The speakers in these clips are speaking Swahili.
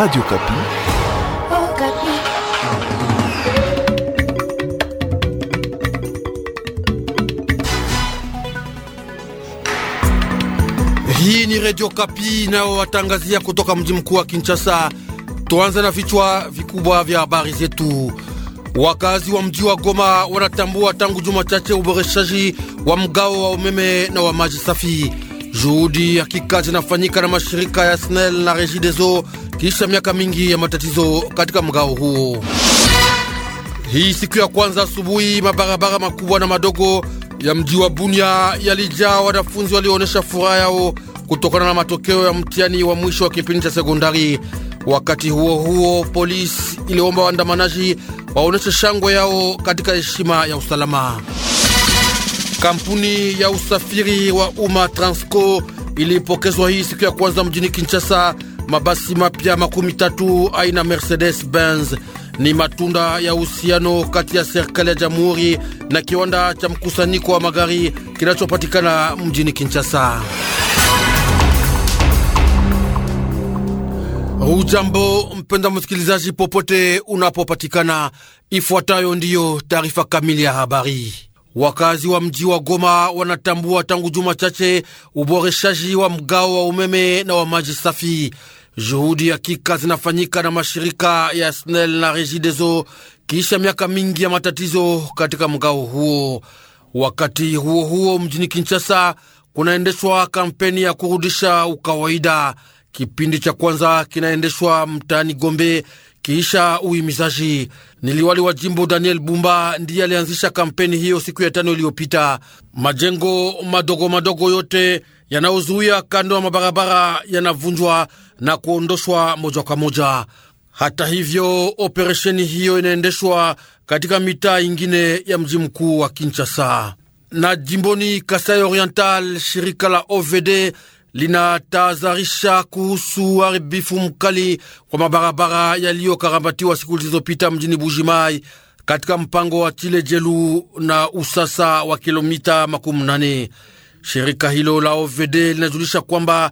Radio Kapi. Oh, Kapi. Hii ni Radio Kapi nao watangazia kutoka mji mkuu wa Kinshasa. Tuanze na vichwa vikubwa vya habari zetu. Wakazi wa mji wa Goma wanatambua tangu juma chache uboreshaji wa mgao wa umeme na wa maji safi. Juhudi hakika zinafanyika na mashirika ya SNEL na Regideso kisha miaka mingi ya matatizo katika mgao huo. Hii siku ya kwanza asubuhi, mabarabara makubwa na madogo ya mji wa Bunia yalijaa wanafunzi walioonyesha furaha yao kutokana na matokeo ya mtihani wa mwisho wa kipindi cha sekondari. Wakati huo huo, polisi iliomba waandamanaji waonyeshe shangwe yao katika heshima ya usalama. Kampuni ya usafiri wa umma Transco ilipokezwa hii siku ya kwanza mjini Kinshasa Mabasi mapya makumi tatu aina Mercedes Benz ni matunda ya uhusiano kati ya serikali ya jamhuri na kiwanda cha mkusanyiko wa magari kinachopatikana mjini Kinshasa. Ujambo mpenda msikilizaji, popote unapopatikana, ifuatayo ndiyo taarifa kamili ya habari. Wakazi wa mji wa Goma wanatambua tangu juma chache uboreshaji wa mgao wa umeme na wa maji safi Juhudi hakika zinafanyika na mashirika ya SNEL na REGIDESO kisha miaka mingi ya matatizo katika mgao huo. Wakati huo huo, mjini Kinshasa kunaendeshwa kampeni ya kurudisha ukawaida. Kipindi cha kwanza kinaendeshwa mtaani Gombe kisha uhimizaji. Ni liwali wa jimbo Daniel Bumba ndiye alianzisha kampeni hiyo siku ya tano iliyopita. Majengo madogo madogo yote yanayozuia kando ya mabarabara yanavunjwa na kuondoshwa moja kwa moja. Hata hivyo, operesheni hiyo inaendeshwa katika mitaa ingine ya mji mkuu wa Kinshasa na jimboni Kasai Oriental. Shirika la OVD linatahadharisha kuhusu uharibifu mkali kwa mabarabara yaliyokarabatiwa siku zilizopita mjini Bujimai katika mpango wa Chilejelu na usasa wa kilomita makumi nane. Shirika hilo la OVD linajulisha kwamba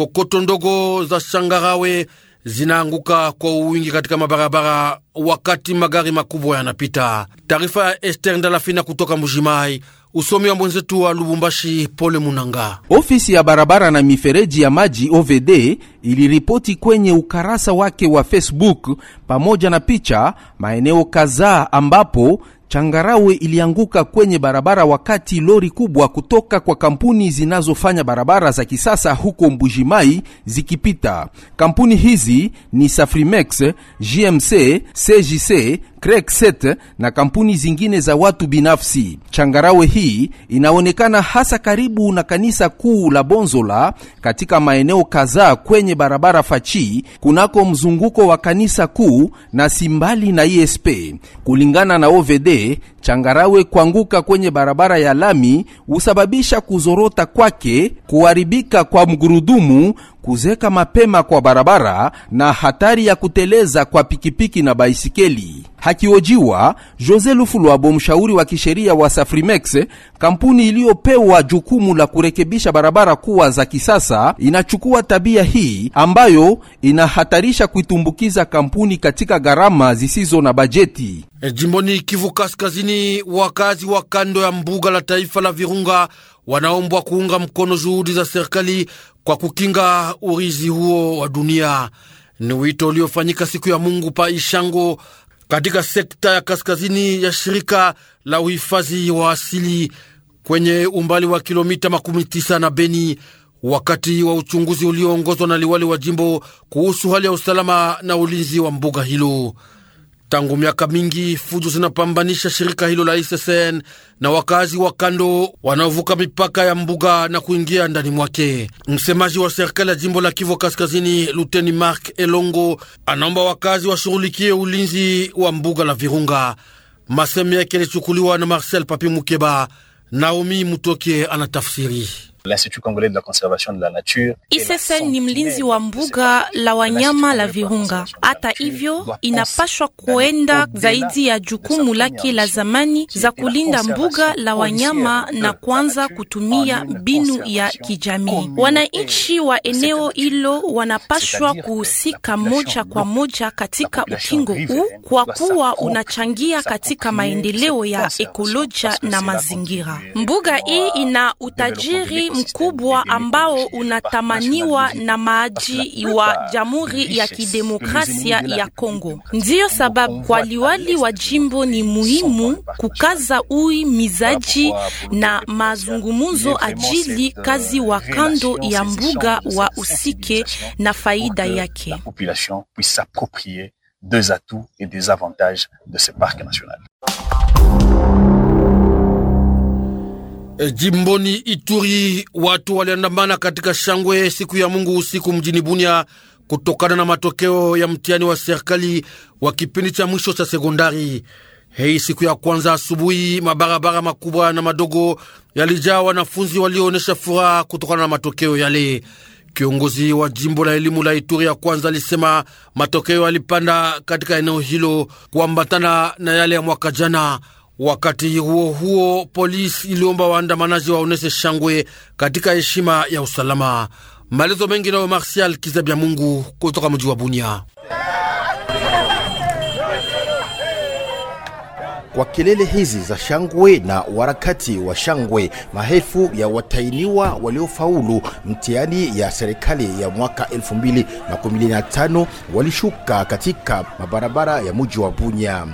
kokoto ndogo za shangarawe zinaanguka kwa uwingi katika mabarabara wakati magari makubwa yanapita. Taarifa ya Ester Ndalafina kutoka Mujimai. Usomi wa mwenzetu wa Lubumbashi, Pole Munanga. Ofisi ya barabara na mifereji ya maji OVD iliripoti kwenye ukarasa wake wa Facebook pamoja na picha maeneo kadhaa ambapo changarawe ilianguka kwenye barabara wakati lori kubwa kutoka kwa kampuni zinazofanya barabara za kisasa huko Mbujimai zikipita. Kampuni hizi ni Safrimex, GMC, CJC, craig Set na kampuni zingine za watu binafsi. Changarawe hii inaonekana hasa karibu na kanisa kuu la Bonzola katika maeneo kadhaa kwenye barabara Fachi kunako mzunguko wa kanisa kuu na simbali na ISP. E Kulingana na OVD, changarawe kuanguka kwenye barabara ya lami husababisha kuzorota kwake, kuharibika kwa mgurudumu kuzeka mapema kwa barabara na hatari ya kuteleza kwa pikipiki na baisikeli. Hakiojiwa Jose Lufulwabo, mshauri wa kisheria wa Safrimex, kampuni iliyopewa jukumu la kurekebisha barabara kuwa za kisasa, inachukua tabia hii ambayo inahatarisha kuitumbukiza kampuni katika gharama zisizo na bajeti. E, jimboni Kivu Kaskazini, wakazi wa kando ya mbuga la taifa la Virunga wanaombwa kuunga mkono juhudi za serikali kwa kukinga urizi huo wa dunia. Ni wito uliofanyika siku ya Mungu pa Ishango katika sekta ya kaskazini ya shirika la uhifadhi wa asili kwenye umbali wa kilomita makumi tisa na Beni, wakati wa uchunguzi ulioongozwa na liwali wa jimbo kuhusu hali ya usalama na ulinzi wa mbuga hilo. Tangu miaka mingi fujo zinapambanisha shirika hilo la SSN na wakazi wa kando wanaovuka mipaka ya mbuga na kuingia ndani mwake. Msemaji wa serikali ya jimbo la Kivu Kaskazini, Luteni Mark Elongo, anaomba wakazi washughulikie ulinzi wa mbuga la Virunga. Masemi yake yalichukuliwa na Marcel Papi Mukeba. Naomi Mutoke anatafsiri l'Institut congolais de la conservation de la nature. ICCN ni mlinzi wa mbuga la wanyama la Virunga. Hata hivyo, inapashwa kuenda zaidi ya jukumu lake la zamani za kulinda mbuga la wanyama na kwanza kutumia mbinu ya kijamii. Wananchi wa eneo hilo wanapashwa kuhusika moja kwa moja katika ukingo huu kwa kuwa unachangia katika maendeleo ya ekolojia na mazingira. Mbuga hii euh, ina utajiri mkubwa ambao unatamaniwa na maji wa Jamhuri ya Kidemokrasia ya Kongo. Ndiyo sababu kwa liwali wa jimbo ni muhimu kukaza ui mizaji na mazungumuzo ajili euh, kazi wa kando ya mbuga wa usike na faida yake. de ce parc national. E, jimboni Ituri watu waliandamana katika shangwe siku ya Mungu usiku mjini Bunia kutokana na matokeo ya mtihani wa serikali wa kipindi cha mwisho cha sekondari. Hei, siku ya kwanza asubuhi, mabarabara makubwa na madogo yalijaa wanafunzi walioonyesha furaha kutokana na matokeo yale. Kiongozi wa jimbo la elimu la Ituri ya kwanza alisema matokeo yalipanda katika eneo hilo kuambatana na yale ya mwaka jana. Wakati huo huo, polisi iliomba waandamanaji waoneshe shangwe katika heshima ya usalama. Maelezo mengi nayo Martial Kizabya Mungu kutoka mji wa Bunia. Kwa kelele hizi za shangwe na warakati wa shangwe, maelfu ya watainiwa waliofaulu mtihani ya serikali ya mwaka 2015 walishuka katika mabarabara ya mji wa Bunya.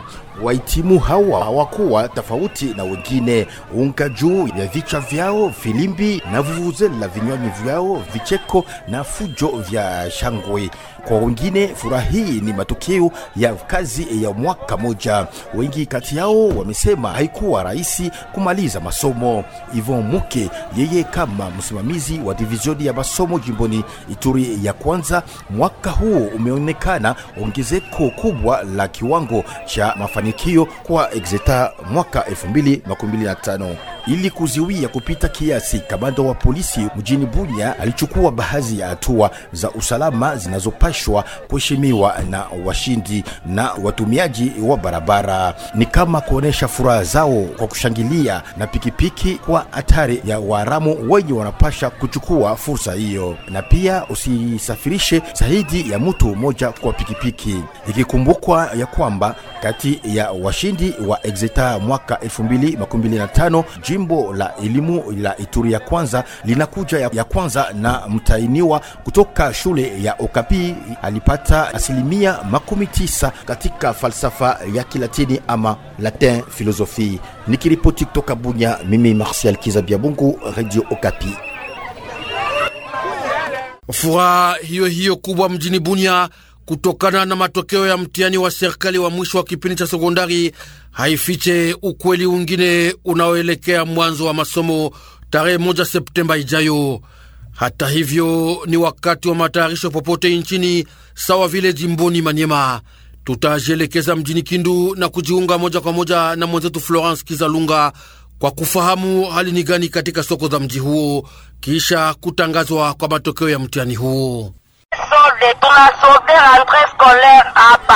Wahitimu hawa hawakuwa tofauti na wengine. Unga juu ya vichwa vyao, filimbi na vuvuzela vinywani vyao, vicheko na fujo vya shangwe. Kwa wengine furaha hii ni matokeo ya kazi ya mwaka moja. Wengi kati yao wamesema haikuwa rahisi kumaliza masomo. Ivon Muke, yeye kama msimamizi wa divizioni ya masomo jimboni Ituri ya kwanza, mwaka huu umeonekana ongezeko kubwa la kiwango cha mafanikio mafanikio kwa Exeta mwaka 2025 ili kuziwia kupita kiasi. Kamanda wa polisi mjini bunya alichukua baadhi ya hatua za usalama zinazopashwa kuheshimiwa na washindi na watumiaji wa barabara, ni kama kuonesha furaha zao kwa kushangilia na pikipiki kwa hatari ya waharamu wenye wanapasha kuchukua fursa hiyo, na pia usisafirishe zaidi ya mtu mmoja kwa pikipiki, ikikumbukwa ya kwamba kati ya washindi wa Exeta mwaka 2025. Jimbo la elimu la Ituri ya kwanza linakuja ya kwanza na mtainiwa kutoka shule ya Okapi alipata asilimia makumi tisa katika falsafa ya Kilatini ama Latin filosofi. Nikiripoti kutoka Bunya, mimi Martial Kizabiabungu, Radio Okapi. Furaha hiyo hiyo kubwa mjini Bunya kutokana na matokeo ya mtihani wa serikali wa mwisho wa kipindi cha sekondari haifiche ukweli ungine unaoelekea mwanzo wa masomo tarehe moja Septemba ijayo. Hata hivyo, ni wakati wa matayarisho popote nchini sawa vile jimboni Manyema. Tutajielekeza mjini Kindu na kujiunga moja kwa moja na mwenzetu Florence Kizalunga kwa kufahamu hali ni gani katika soko za mji huo kisha kutangazwa kwa matokeo ya mtihani huo.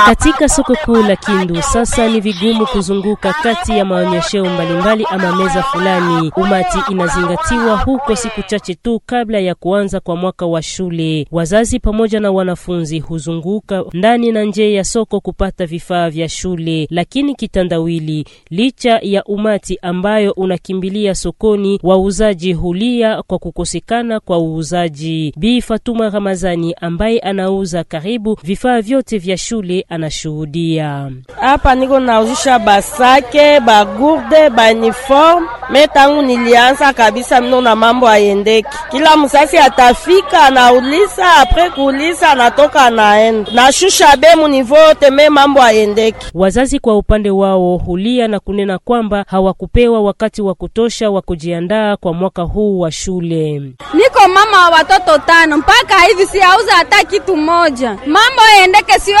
Katika soko kuu la Kindu sasa ni vigumu kuzunguka kati ya maonyesho mbalimbali ama meza fulani. Umati inazingatiwa huko siku chache tu kabla ya kuanza kwa mwaka wa shule. Wazazi pamoja na wanafunzi huzunguka ndani na nje ya soko kupata vifaa vya shule, lakini kitandawili, licha ya umati ambayo unakimbilia sokoni, wauzaji hulia kwa kukosekana kwa uuzaji. Bi Fatuma Ramazani ambaye anauza karibu vifaa vyote vya shule anashuhudia. Hapa niko nauzisha basake, bagurde, baniforme me. Tangu nilianza kabisa mino na mambo ayendeki, kila msasi atafika anaulisa, apre kuuliza anatoka anaenda nashusha bemu nivo yote me, mambo ayendeki. Wazazi kwa upande wao hulia na kunena kwamba hawakupewa wakati wa kutosha wa kujiandaa kwa mwaka huu wa shule. Niko mama wa watoto tano mpaka hivi siauza hata kitu moja. Mambo yaendeke siwe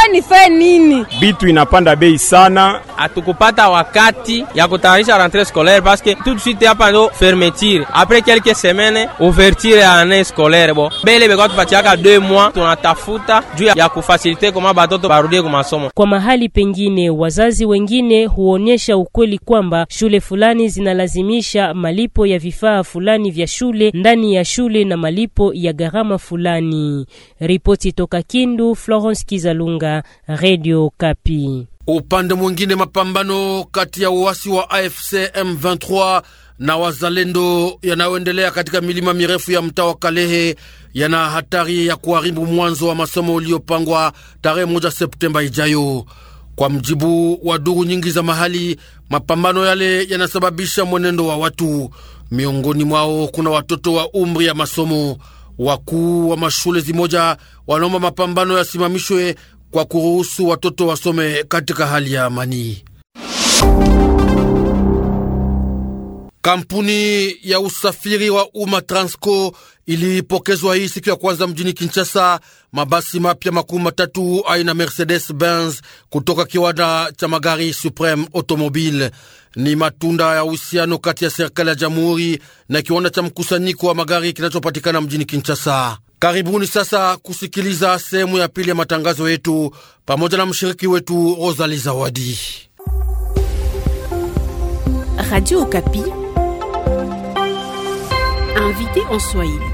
ni nini? Bitu inapanda bei sana, hatukupata wakati ya kutayarisha rentree scolaire paske tout de suite hapa ndo fermeture après quelques semaines ouverture ya année scolaire. Bo bele beko tupatiaka 2 mois, tunatafuta juu ya kufasilite koma batoto barudie kumasomo. Kwa mahali pengine, wazazi wengine huonyesha ukweli kwamba shule fulani zinalazimisha malipo ya vifaa fulani vya shule ndani ya shule na malipo ya gharama fulani. Ripoti toka Kindu, Florence Kizalunga, Radio Kapi. Upande mwingine, mapambano kati ya uasi wa AFC M23 na wazalendo yanayoendelea katika milima mirefu ya mtaa wa Kalehe yana hatari ya kuharibu mwanzo wa masomo uliopangwa tarehe moja Septemba ijayo. Kwa mjibu wa duru nyingi za mahali, mapambano yale yanasababisha mwenendo wa watu, miongoni mwao kuna watoto wa umri ya masomo wakuu wa mashule zimoja wanaomba mapambano yasimamishwe kwa kuruhusu watoto wasome katika hali ya amani. Kampuni ya usafiri wa umma Transco ilipokezwa hii siku ya kwanza mjini Kinshasa mabasi mapya makumi matatu aina Mercedes Benz kutoka kiwanda cha magari Supreme Automobile ni matunda ya uhusiano kati ya serikali ya jamhuri na kiwanda cha mkusanyiko wa magari kinachopatikana mjini Kinshasa. Karibuni sasa kusikiliza sehemu ya pili ya matangazo yetu pamoja na mshiriki wetu Rosali Zawadi. Radio Okapi, invité en Swahili.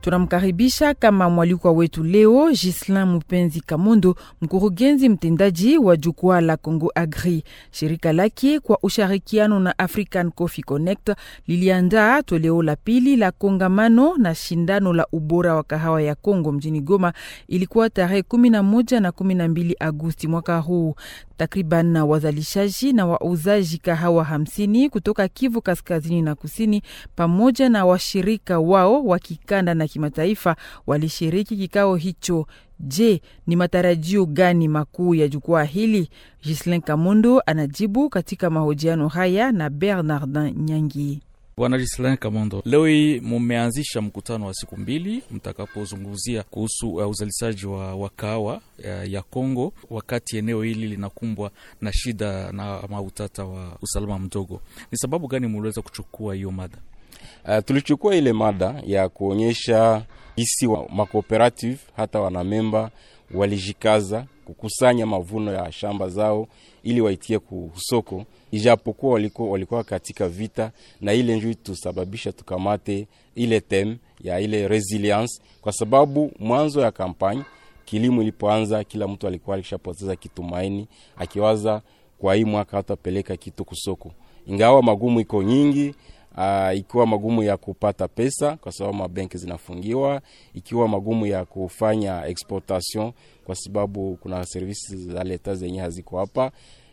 Tunamkaribisha kama mwalikwa wetu leo Gislin Mupenzi Kamondo, mkurugenzi mtendaji wa jukwaa la Congo Agri. Shirika lake kwa ushirikiano na African Coffee Connect liliandaa toleo la pili la kongamano na shindano la ubora wa kahawa ya Congo mjini Goma. Ilikuwa tarehe 11 na 12 Agosti mwaka huu. Takriban wazalishaji na wauzaji kahawa hamsini kutoka Kivu kaskazini na kusini pamoja na washirika wao wa kikanda na kimataifa walishiriki kikao hicho. Je, ni matarajio gani makuu ya jukwaa hili? Ghislain Kamundo anajibu katika mahojiano haya na Bernardin Nyangi. Bwana Gislain Kamondo, leo hii mumeanzisha mkutano wa siku mbili mtakapozungumzia kuhusu uh, uzalishaji wa, wakawa uh, ya Kongo, wakati eneo hili linakumbwa na shida na mautata wa usalama mdogo. Ni sababu gani muliweza kuchukua hiyo mada? Uh, tulichukua ile mada ya kuonyesha hisi wa makooperative hata wanamemba walijikaza kukusanya mavuno ya shamba zao ili waitie kusoko, ijapokuwa walikuwa, walikuwa katika vita na ile njui tusababisha tukamate ile tem ya ile resilience, kwa sababu mwanzo ya kampanye kilimo ilipoanza, kila mtu alikuwa alishapoteza kitumaini akiwaza kwa hii mwaka hatapeleka kitu kusoko, ingawa magumu iko nyingi Uh, ikiwa magumu ya kupata pesa kwa sababu mabenki zinafungiwa, ikiwa magumu ya kufanya exportation kwa sababu kuna servisi za leta zenye haziko hapa.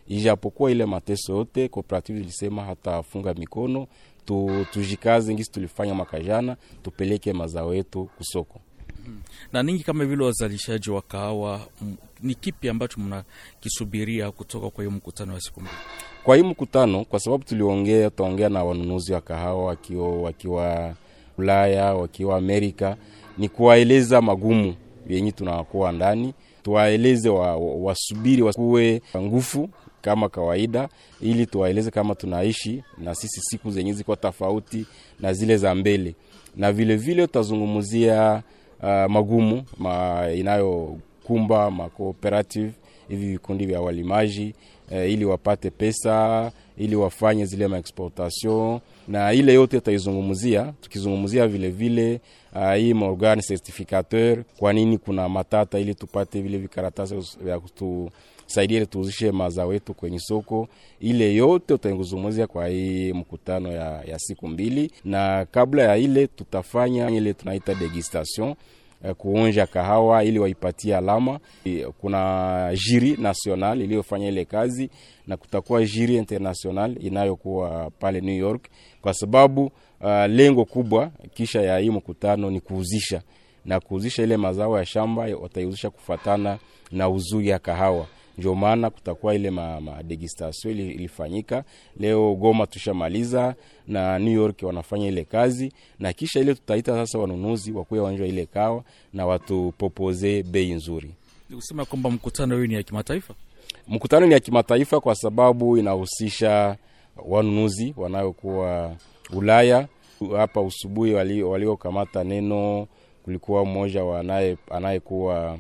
Ijapokuwa ile mateso yote, kooperative ilisema hatafunga mikono tu, tujikaze ngisi tulifanya mwaka jana, tupeleke mazao yetu kusoko. Mm. Na ninyi kama vile wazalishaji wa kahawa, ni kipi ambacho mnakisubiria kutoka kwa hiyo mkutano wa siku mbili? Kwa hii mkutano, kwa sababu tuliongea, tutaongea na wanunuzi wa kahawa wakiwa, wakiwa Ulaya, wakiwa Amerika, ni kuwaeleza magumu yenye tunakuwa ndani, tuwaeleze wasubiri wa, wa wakuwe nguvu kama kawaida, ili tuwaeleze kama tunaishi na sisi siku zenye ziko tofauti na zile za mbele, na vilevile utazungumzia vile uh, magumu ma inayokumba makooperative hivi vikundi vya walimaji uh, ili wapate pesa ili wafanye zile maexportation na ile yote tutaizungumzia, tukizungumzia vilevile uh, hii uh, maorgane certificateur, kwa nini kuna matata, ili tupate vile vikaratasi vya kutu tusaidie tuuzishe mazao yetu kwenye soko. Ile yote utaenguzumuzia kwa hii mkutano ya, ya siku mbili, na kabla ya ile tutafanya ile tunaita degustation eh, kuonja kahawa ili waipatie alama. Eh, kuna jiri national iliyofanya ile kazi na kutakuwa jiri international inayokuwa pale New York, kwa sababu uh, lengo kubwa kisha ya hii mkutano ni kuuzisha na kuuzisha ile mazao ya shamba wataiuzisha kufatana na uzuri ya kahawa ndio maana kutakuwa ile madegistation ma ilifanyika leo Goma, tushamaliza na New York wanafanya ile kazi, na kisha ile tutaita sasa wanunuzi wakuya wanjwa ile kawa na watupopoze bei nzuri. Nikusema kwamba mkutano huu ni ya kimataifa, mkutano ni ya kimataifa kwa sababu inahusisha wanunuzi wanayokuwa Ulaya. Hapa usubuhi waliokamata wali neno, kulikuwa mmoja anayekuwa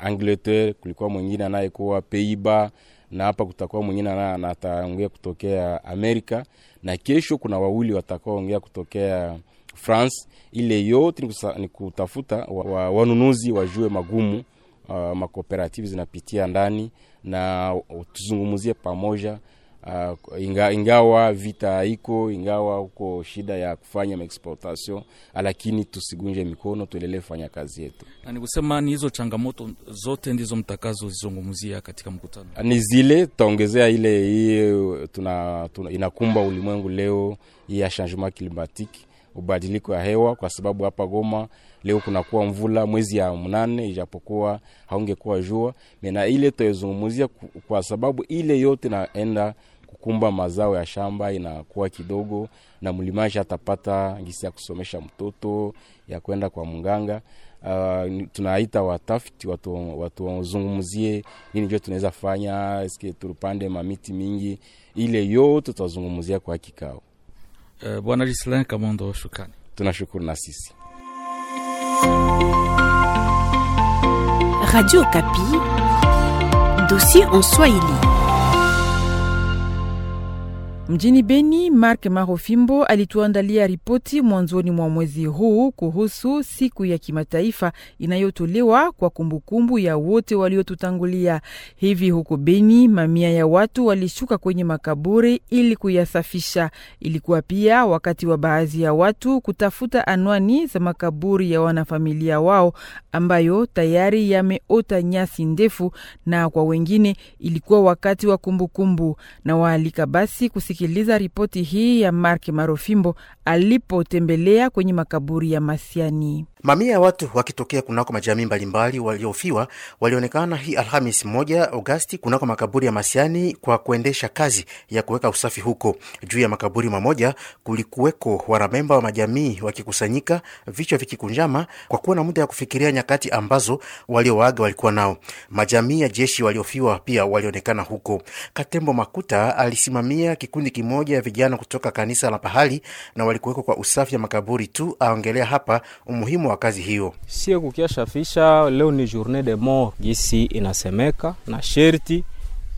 Angleterre, kulikuwa mwingine anayekuwa Peiba na hapa kutakuwa mwingine anataongea kutokea Amerika na kesho kuna wawili watakaoongea kutokea France. Ile yote ni kutafuta wa, wa, wanunuzi wajue magumu uh, makooperative zinapitia ndani na tuzungumuzie pamoja Uh, inga, ingawa vita iko ingawa uko shida ya kufanya maexportation, lakini tusigunje mikono, tuendelee kufanya kazi yetu. Na ni kusema ni hizo changamoto zote ndizo mtakazo zizongumzia katika mkutano, ni zile tutaongezea ile hii tuna, tuna, inakumba ulimwengu leo hii ya changement climatique ubadiliko ya hewa, kwa sababu hapa Goma leo kunakuwa mvula mwezi ya mnane, ijapokuwa haungekuwa jua mena ile tuezungumuzia, kwa sababu ile yote naenda kukumba mazao ya shamba inakuwa kidogo, na mlimaji atapata gisi ya kusomesha mtoto ya kwenda kwa mganga. Uh, tunaita watafiti watuzungumzie watu nini njo tunaweza fanya, eske tupande mamiti mingi, ile yote tutazungumzia kwa kikao. Eh, Bwana Gislain Kamondo, shukrani. Tunashukuru na sisi Radio Kapi, dossier en Swahili. Mjini Beni, Mark Marofimbo alituandalia ripoti mwanzoni mwa mwezi huu kuhusu siku ya kimataifa inayotolewa kwa kumbukumbu ya wote waliotutangulia. Hivi huko Beni, mamia ya watu walishuka kwenye makaburi ili kuyasafisha. Ilikuwa pia wakati wa baadhi ya watu kutafuta anwani za makaburi ya wanafamilia wao ambayo tayari yameota nyasi ndefu, na kwa wengine ilikuwa wakati wa kumbukumbu. Na waalika basi kusiki kusikiliza ripoti hii ya Mark Marofimbo alipotembelea kwenye makaburi ya Masiani. Mamia ya watu wakitokea kunako majamii mbalimbali waliofiwa walionekana hii Alhamis moja Agosti kunako makaburi ya Masiani kwa kuendesha kazi ya kuweka usafi huko. Juu ya makaburi mamoja kulikuweko wanamemba wa majamii wakikusanyika, vichwa vikikunjama kwa kuwa na muda ya kufikiria nyakati ambazo waliowaga walikuwa nao. Majamii ya jeshi waliofiwa pia walionekana huko. Katembo Makuta alisimamia kikundi kimoja ya vijana kutoka kanisa la pahali na walikuwekwa kwa usafi ya makaburi tu. Aongelea hapa umuhimu wa kazi hiyo. Sie kukiashafisha leo ni journée de mort gisi inasemeka, na sherti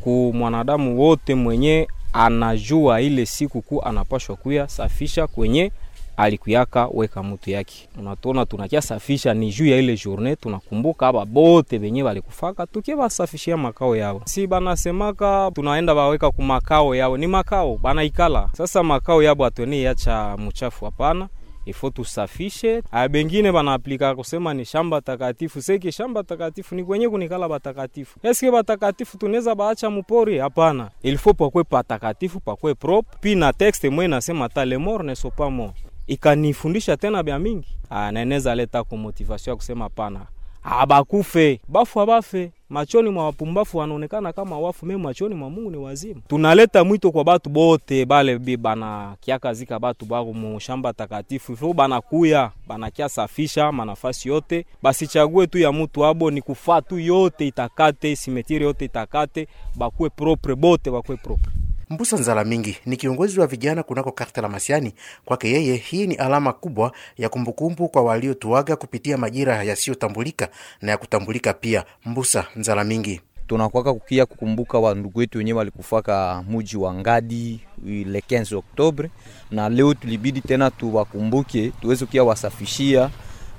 ku mwanadamu wote mwenye anajua ile siku ku anapashwa kuya safisha kwenye alikuyaka weka mutu yake. Unatuona tunakia safisha ni juu ya ile journée, tunakumbuka aba bote benye balikufaka, tukibasafishia makao yao. Si banasemaka tunaenda baweka ku makao yao, ni makao banaikala sasa, makao yabo atoni yacha mchafu, hapana ifo tusafishe. Aya, ah, bengine banaaplika kusema ni shamba takatifu. Seki shamba takatifu ni kwenye kunikala batakatifu. Eske batakatifu tuneza baacha mupori? Hapana, ilifo pakwe patakatifu, pakwe prop Pi na texte mwe nasema le mor ne sopa mor, ikanifundisha tena bya mingi. Aya, ah, neneza leta ku motivasio ya kusema pana abakufe bafu abafe machoni mwa wapumbafu wanaonekana kama wafu, me machoni mwa Mungu ni wazima. Tunaleta mwito kwa batu bote bale bi bana kiakazika batu bako mushamba takatifu ifo banakuya banakia safisha manafasi yote, basichague tu ya mutu abo, ni kufaa tu yote itakate, simetiri yote itakate, bakue propre bote bakuwe propre Mbusa nzala mingi ni kiongozi wa vijana kunako karta la Masiani. Kwake yeye, hii ni alama kubwa ya kumbukumbu kwa waliotuaga kupitia majira yasiyotambulika na ya kutambulika pia. Mbusa nzala mingi tunakwaka kukia kukumbuka wandugu wetu wenyewe walikufaka muji wa Ngadi le 15 Oktobre, na leo tulibidi tena tuwakumbuke tuweze kia wasafishia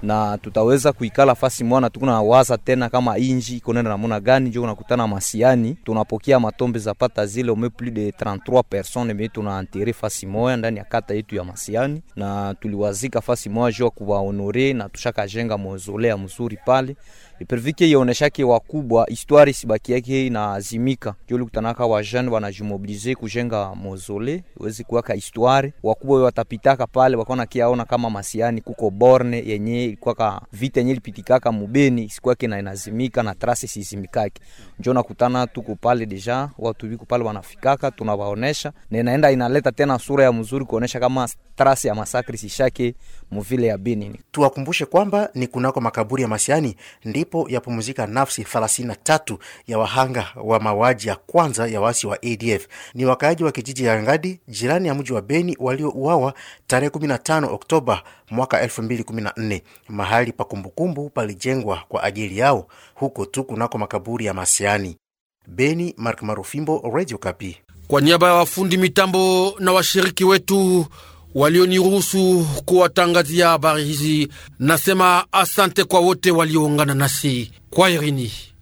na tutaweza kuikala fasi mwana, tukuna waza tena kama inji ikonenda namuna gani, njo unakutana masiani, tunapokea matombe za pata zile ume plus de 33 personnes mais tuna tunaantere fasi moya ndani ya kata yetu ya Masiani, na tuliwazika fasi moya jo kuwa kuwaonore na tushaka jenga mozole ya mzuri pale ipervike ioneshake wakubwa histoire sibaki yake na azimika jo inaazimika, njo likutanaka wajane wanajimobilize kujenga mozole wezi kuwa ka histoire wakubwa watapitaka pale wakona kiaona kama Masiani kuko borne yenye ilikuwa vita yenye ilipitikaka mubeni sikuwake na inazimika na trasi sizimikake, njo nakutana tuko pale deja, watu biko pale wanafikaka, tunawaonesha na inaenda inaleta tena sura ya mzuri kuonesha kama trasi ya masakri sishake muvile ya Beni. Tuwakumbushe kwamba ni kunako makaburi ya Masiani ndipo yapumzika nafsi 33 ya wahanga wa mauaji ya kwanza ya wasi wa ADF. Ni wakaaji wa kijiji ya Ngadi jirani ya mji wa Beni waliouawa tarehe 15 Oktoba mwaka 2014. Mahali pa kumbukumbu palijengwa kwa ajili yao huko tu kunako makaburi ya Masiani. Beni, Mark Marufimbo, Radio Kapi. Kwa niaba ya wafundi mitambo na washiriki wetu walioniruhusu kuwatangazia habari hizi, nasema asante kwa wote walioungana nasi kwa irini.